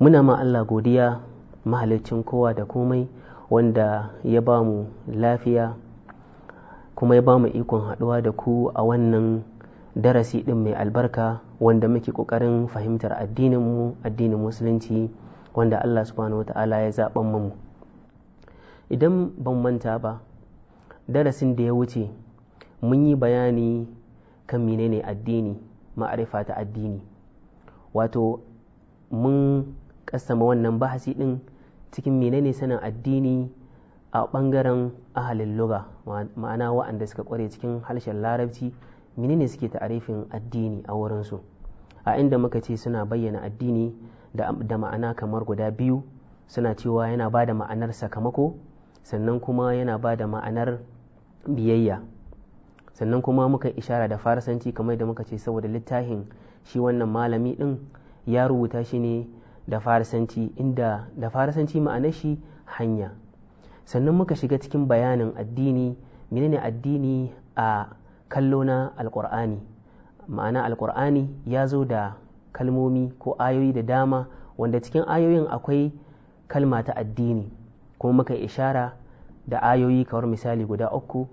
muna ma Allah godiya mahalicin kowa da komai wanda ya ba mu lafiya kuma ya ba mu ikon haɗuwa da ku a wannan darasi ɗin mai albarka wanda muke ƙoƙarin fahimtar addininmu addinin musulunci wanda Allah subhanahu ta'ala ya zaɓan mu idan ban manta ba darasin da ya wuce mun yi bayani kan menene addini ma'arifa ta addini wato mun kasama wannan bahasi ɗin cikin menene sanin addini a bangaren ahalin luga ma'ana wa'anda suka kware cikin harshen larabci menene suke ta'arifin addini a wurinsu a inda muka ce suna bayyana addini da ma'ana kamar guda biyu suna cewa yana ba da ma'anar sakamako sannan kuma yana ba da ma'anar biyayya sannan kuma muka ishara da farasanci kamar da muka ce saboda littafin shi wannan malami ɗin ya rubuta shi ne da farisanci inda da farisanci ma'anar shi hanya sannan muka shiga cikin bayanin addini menene addini a kallo na alkur'ani ma'ana alkur'ani ya zo da kalmomi ko ayoyi da dama wanda cikin ayoyin akwai kalma ta addini kuma muka ishara da ayoyi kawar misali guda uku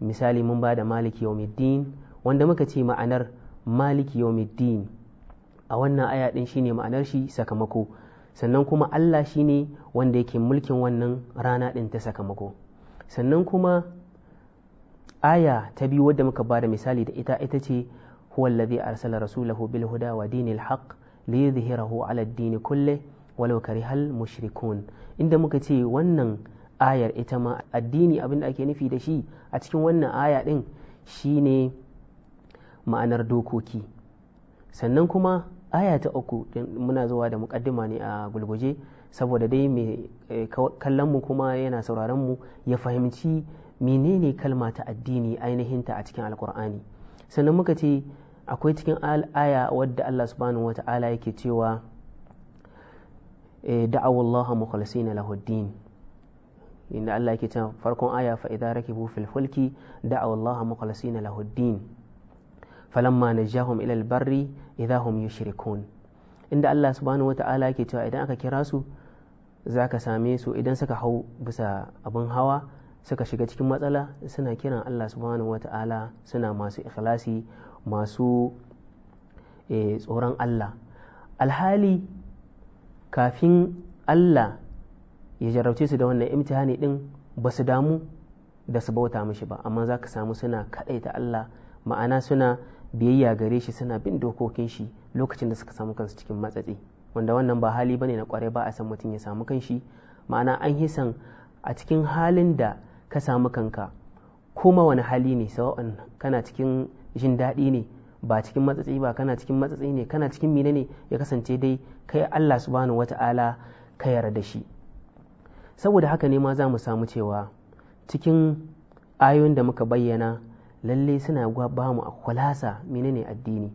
misali mun ba da maliki yawmiddin wanda muka ce ma'anar maliki yawmiddin a wannan aya ɗin shine ma'anar shi sakamako sannan kuma Allah shi ne wanda yake mulkin wannan rana ɗin ta sakamako sannan kuma aya ta biyu wadda muka ba da misali da ita ita ce huwa allazi arsala rasulahu bil huda wa dinil haqq liyudhhirahu ala ad-din kulli walau karihal mushrikun inda muka ce wannan ayar ita ma addini abin da ake nufi da shi a cikin wannan aya ɗin shine ma'anar dokoki sannan kuma aya ta uku muna zuwa da mukaddima ne a gulguje saboda dai mai e, kallon mu kuma yana sauraron mu ya fahimci menene kalma ta addini ainihin ta a cikin alkur'ani sannan muka ce akwai cikin aya wadda Allah subhanahu ta'ala yake cewa e, da'awallahu mukhlisina din inda Allah yake cewa farkon aya fa idza rakibu fil fulki da'awallaha mukhlisina lahuddin falamma najahum ilal barri idahum yushrikun inda Allah subhanahu wata'ala yake cewa idan aka kira su zaka same su idan suka hau bisa abin hawa suka shiga cikin matsala suna kiran Allah subhanahu wata'ala suna masu ikhlasi masu eh, tsoron Allah alhali kafin Allah ya jarabce su da wannan imtihani din ba su damu da su bauta mishi ba amma za ka samu suna kaɗaita Allah ma'ana suna biyayya gare shi suna bin dokokin shi lokacin da suka samu kansu cikin matsatsi wanda wannan ba hali bane na kwarai ba a san mutum ya samu kanshi ma'ana an yi san a cikin halin da ka samu kanka kuma wani hali ne sawa'an kana cikin jin daɗi ne ba cikin matsatsi ba kana cikin matsatsi ne kana cikin mine ne ya kasance dai kai Allah subhanahu wata'ala ka da shi saboda haka ne ma za mu samu cewa cikin ayoyin da muka bayyana lalle suna ba mu a kwalasa menene addini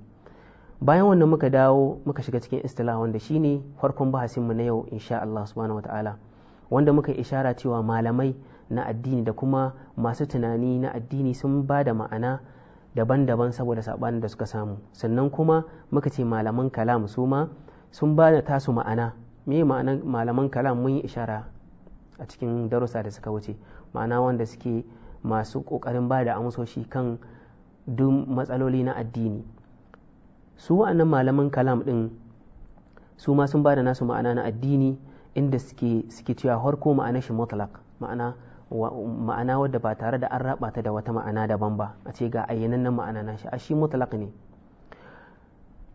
bayan wannan muka dawo muka shiga cikin istila wanda shine farkon bahasinmu na yau insha Allah subhanahu wataala wanda muka ishara cewa malamai na addini da kuma masu tunani na addini sun ba da ma'ana daban-daban saboda saɓanin da suka samu sannan kuma muka ce malaman kalam su ma sun ba da tasu ma'ana me ma'ana malaman kalam mun yi ishara a cikin darussa da suka wuce ma'ana wanda suke masu ƙoƙarin ba da amsoshi kan duk matsaloli na addini su wa'annan malaman kalam ɗin su ma sun ba da nasu ma'ana na addini inda suke cewa harko ma'ana shi mutlak ma'ana ma'ana wadda ba tare da an raba ta da wata ma'ana daban ba a ce ga nan ma'ana na shi a shi mutlak ne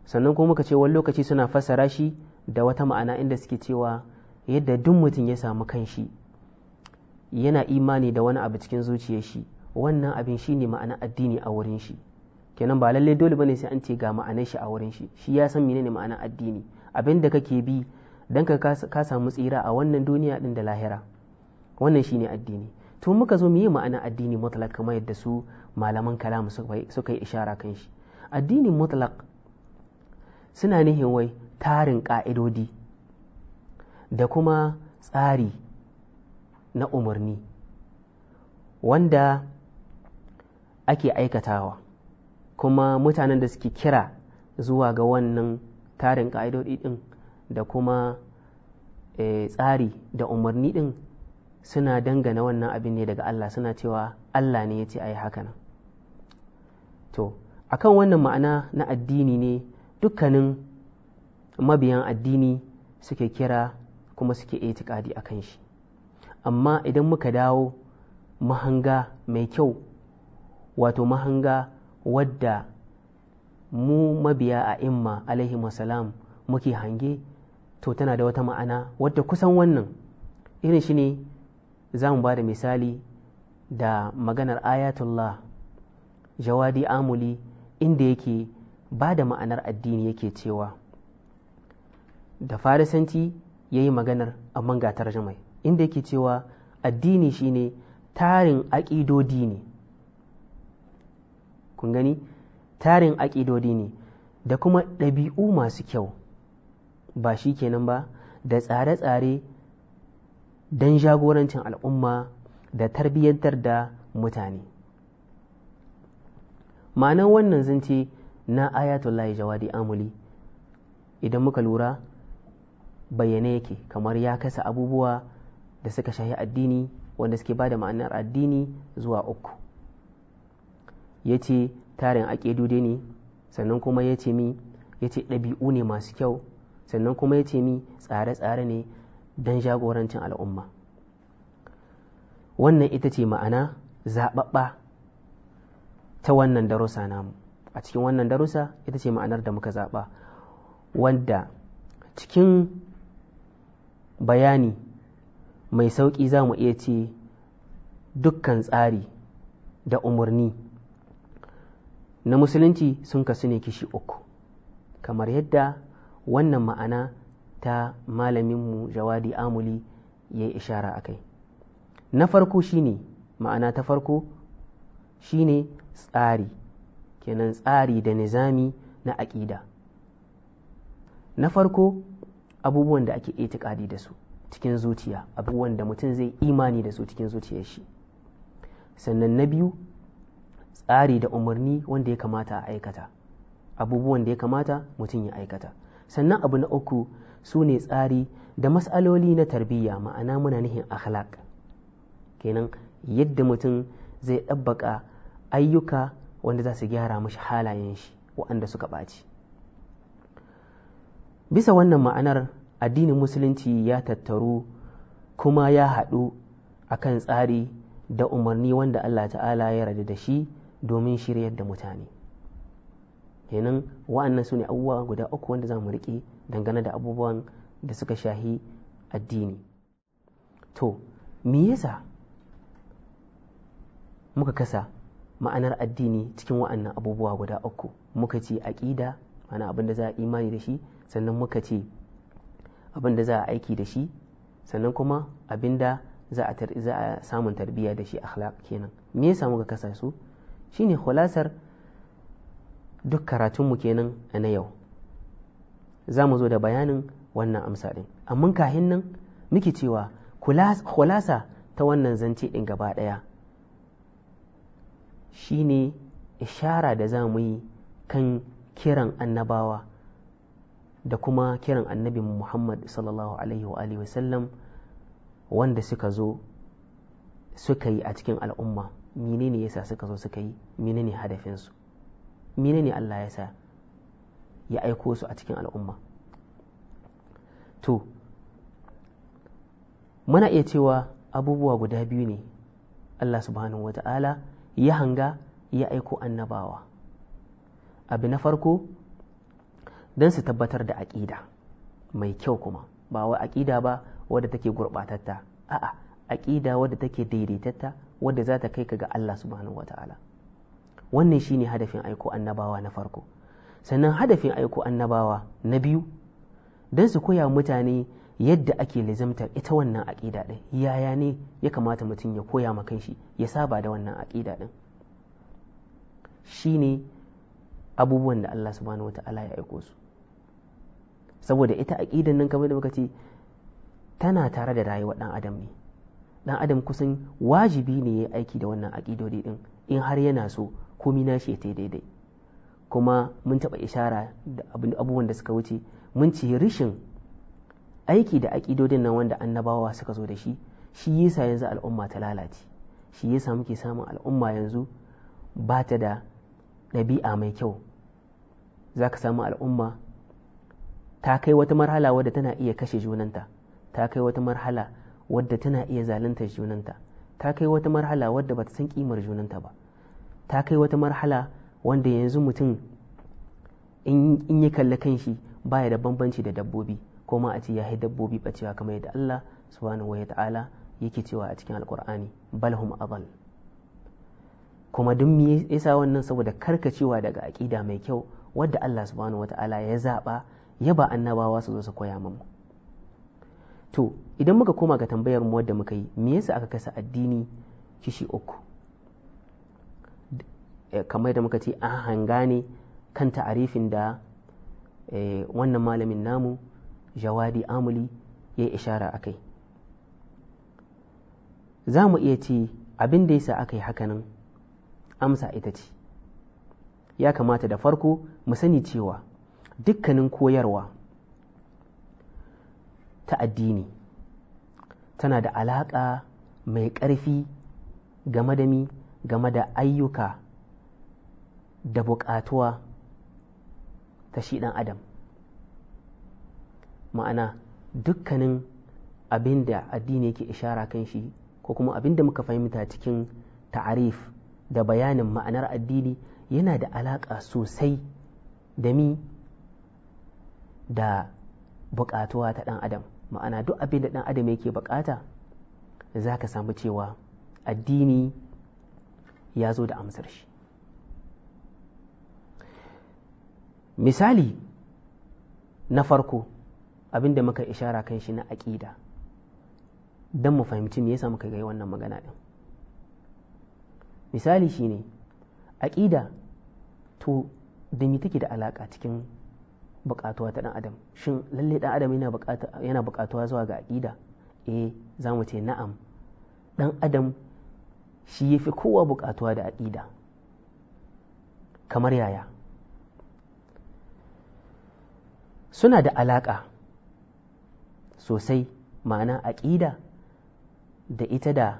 sannan kuma muka ce wani lokaci suna fassara shi da wata ma'ana inda suke cewa yadda duk mutum ya samu kanshi yana imani da wani abu cikin zuciyar shi wannan abin shi ne ma'ana addini a wurin shi kenan ba lallai dole bane sai an ce ga ma'anar shi a wurin shi shi ya san menene ma'ana addini abin da kake bi dan ka ka samu tsira a wannan duniya din da lahira wannan shine addini to muka zo mu yi ma'anar addini mutlaq kamar yadda su malaman kalam suka yi ishara kan shi addini mutlaq suna nihin wai tarin ka'idodi da kuma tsari na umarni wanda ake aikatawa kuma mutanen da suke kira zuwa ga wannan tarin ƙa'idoɗi ɗin da kuma eh, tsari da umarni ɗin suna dangana wannan abin ne daga Allah suna cewa Allah ne ya ce a yi nan to akan wannan ma'ana na addini ne dukkanin mabiyan addini suke kira kuma suke itikadi a kan shi amma idan muka dawo mahanga mai kyau wato mahanga wadda mu mabiya a imma alaihi wasalam muke hange to tana da wata ma'ana wadda kusan wannan irin shi ne za mu ba da misali da maganar ayatullah jawadi amuli inda yake ba da ma'anar addini yake cewa da farisanci ya yi maganar amman ga tarjamai inda yake cewa addini shine tarin aƙidodi ne kun gani tarin aƙidodi ne da kuma ɗabi'u masu kyau ba shi kenan ba da tsare-tsare don jagorancin al'umma da tarbiyyantar da mutane ma'anar wannan zance na ayatullahi jawadi amuli idan muka lura bayyane yake kamar ya kasa abubuwa da suka shahi addini wanda suke ba da ma'anar addini zuwa uku ya ce tarin aƙidu dai ne sannan kuma ya ce mi ya ce ɗabi'u ne masu kyau sannan kuma ya ce mi tsare-tsare ne don jagorancin al'umma wannan ita ce ma'ana zaɓaɓɓa ta wannan darussa namu a cikin wannan darussa ita ce ma'anar da muka zaɓa wanda cikin bayani mai sauƙi za mu iya ce dukkan tsari da umarni na musulunci sun kasu ne kishi uku kamar yadda wannan ma'ana ta malaminmu jawadi amuli ya yi ishara a kai na farko shine ma'ana ta farko shine tsari kenan tsari da nizami na aƙida na farko abubuwan da ake itikadi da su cikin zuciya abubuwan da mutum zai imani da su cikin zuciyar shi sannan na biyu tsari da umarni wanda ya kamata a aikata abubuwan da ya kamata mutum ya aikata sannan abu na uku su ne tsari da matsaloli na tarbiyya ma'ana muna nihin akhlaq kenan yadda mutum zai ɗabbaka ayyuka wanda za su gyara mashi halayen shi waɗanda suka ɓaci bisa wannan ma'anar addinin musulunci ya tattaru kuma ya haɗu a kan tsari da umarni wanda Allah ta'ala ya rada da shi domin shiryar da mutane kenan wa'annan su ne abubuwa guda uku wanda za mu riƙe dangane da abubuwan da suka shahi addini to me yasa muka kasa ma'anar addini cikin wa'annan abubuwa guda uku muka ce aƙida mana abin da za a imani da shi sannan muka ce abin da za a aiki da shi sannan kuma abin da za a samun tarbiyya da shi akhlaq kenan me ya samu ga kasa su shine khulasar duk karatunmu kenan a na yau za mu zo da bayanin wannan amsa ɗin amma kahin nan muke cewa khulasa ta wannan zance ɗin gaba ɗaya shine ishara da za mu yi kan kiran annabawa da kuma kiran annabi muhammad sallallahu alaihi wa alihi wanda suka zo suka yi a cikin al'umma menene yasa suka zo suka yi menene hadafinsu menene allah ya ya aiko su a cikin al'umma to muna iya cewa abubuwa guda biyu ne allah subhanahu wa ta'ala ya hanga ya aiko annabawa abu na farko don su tabbatar da aƙida mai kyau kuma ba wa aƙida ba wadda take gurɓatatta a'a aƙida wadda take daidaitatta wadda za ta kai ka ga Allah subhanahu wata'ala wannan shine hadafin aiko annabawa na farko sannan hadafin aiko annabawa na biyu don su koya mutane yadda ake lizamtar ita wannan aƙida ɗin yaya ne ya kamata mutum ya koya ma kanshi ya saba da wannan aƙida ɗin shine abubuwan da Allah subhanahu wata'ala ya aiko su saboda ita aƙidan nan kamar da muka ce tana tare da rayuwa ɗan adam ne ɗan adam kusan wajibi ne ya aiki da wannan aƙidodi ɗin in har yana so komi na shi ya daidai kuma mun taɓa ishara da abubuwan da suka wuce mun ce rishin aiki da aƙidodin nan wanda annabawa suka zo da shi shi yasa yanzu al'umma ta lalace shi yasa muke samun al'umma yanzu ba ta da ɗabi'a mai kyau za ka samu al'umma ta kai wata marhala wadda tana iya kashe junanta ta kai wata marhala wadda tana iya zalunta junanta ta kai wata marhala wadda bata san kimar junanta ba ta kai wata marhala wanda yanzu mutum in ya kalli kan shi baya da bambanci da dabbobi ko ma a ce ya dabbobi bacewa kamar yadda Allah subhanahu wa ta'ala yake cewa a cikin alkur'ani balhum adal kuma duk me yasa wannan saboda karkacewa daga aƙida mai kyau wadda Allah subhanahu ta'ala ya zaɓa. yaba annabawa su zo su koya mamu to idan muka koma ga tambayar mu wadda muka yi me yasa aka kasa addini kishi uku eh, kamar da muka ce an hanga ne kan ta'arifin da eh, wannan malamin namu jawadi amuli ya yi ishara a kai za mu iya ce abin da yasa aka yi hakanan amsa ita ce ya kamata da farko mu sani cewa dukkanin koyarwa ta addini tana da alaƙa mai ƙarfi game da mi game da ayyuka da buƙatuwa ta shi ɗan adam ma'ana dukkanin abin da addini yake ishara kan shi ko kuma abin da muka fahimta cikin ta'arif da bayanin ma'anar addini yana da alaƙa sosai da mi da buƙatuwa ta ɗan adam ma'ana duk abin da ɗan adam yake buƙata za ka samu cewa addini ya zo da amsar shi misali na farko abin da muka ishara kan shi na aƙida don mu fahimci me yasa muka ga wannan magana ɗin misali shine aƙida to da me take da alaƙa cikin buƙatuwa ta ɗan adam shin lalle ɗan adam yana buƙatuwa zuwa ga aƙida eh za mu ce na'am ɗan adam shi yafi kowa buƙatuwa da aƙida kamar yaya suna da alaƙa sosai ma'ana aƙida da ita da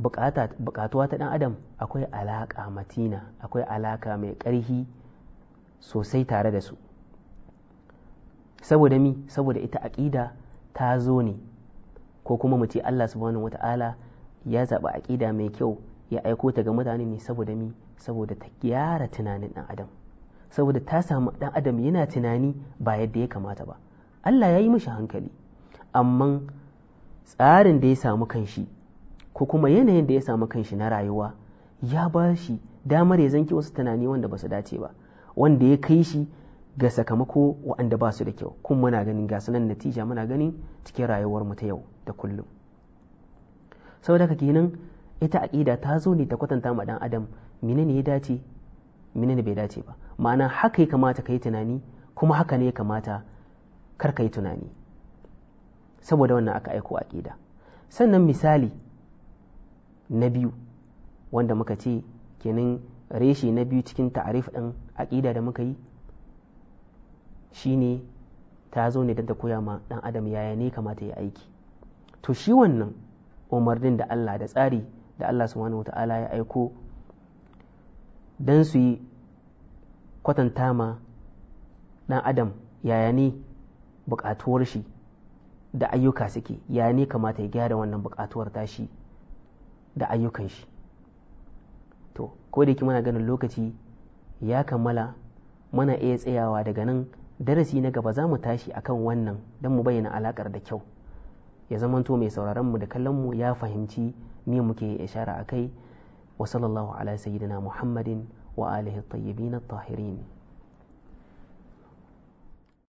buƙatuwa ta ɗan adam akwai alaƙa matina akwai alaƙa mai ƙarhi sosai tare da su saboda mi saboda ita aƙida ta zo ne ko kuma mu ce Allah subhanahu wata'ala ya zaɓi aƙida mai kyau ya aiko ta ga mutane ne saboda mi saboda ta gyara tunanin ɗan adam saboda ta samu ɗan adam yana tunani ba yadda ya kamata ba Allah ya yi mishi hankali amma tsarin da ya samu kanshi ko kuma yanayin da ya samu kanshi na rayuwa ya ba shi damar ya zanki wasu tunani wanda ba su dace ba wanda ya kai shi ga sakamako waɗanda ba su da kyau kun muna ganin gasu nan natija muna ganin cikin rayuwar mu ta yau da kullum saboda haka kenan ita aƙida ta zo ne ta kwatanta ma ɗan adam menene ya dace menene bai dace ba ma'ana haka ya kamata ka yi tunani kuma haka ne ya kamata kar ka yi tunani saboda wannan aka aiko aƙida sannan misali na biyu wanda muka ce kenan reshe na biyu cikin ta'arif ɗin aƙida da muka yi Shi ne ta zo ne don ta koya ma ɗan adam yaya ne kamata ya aiki to shi wannan umarnin da Allah da tsari da Allah su subhanahu wata'ala ya aiko don su yi kwatanta ma ɗan adam yaya ne buƙatuwar shi da ayyuka suke yaya ne kamata ya gyara wannan buƙatuwar tashi da ayyukan shi to ko da yake muna ganin lokaci ya kammala muna iya tsayawa daga nan darasi na gaba za mu tashi akan wannan don mu bayyana alakar da kyau ya zamanto mai sauraronmu da kallon mu ya fahimci me muke ishara akai wa sallallahu ala sayyidina muhammadin wa alihi tayyibin tahirin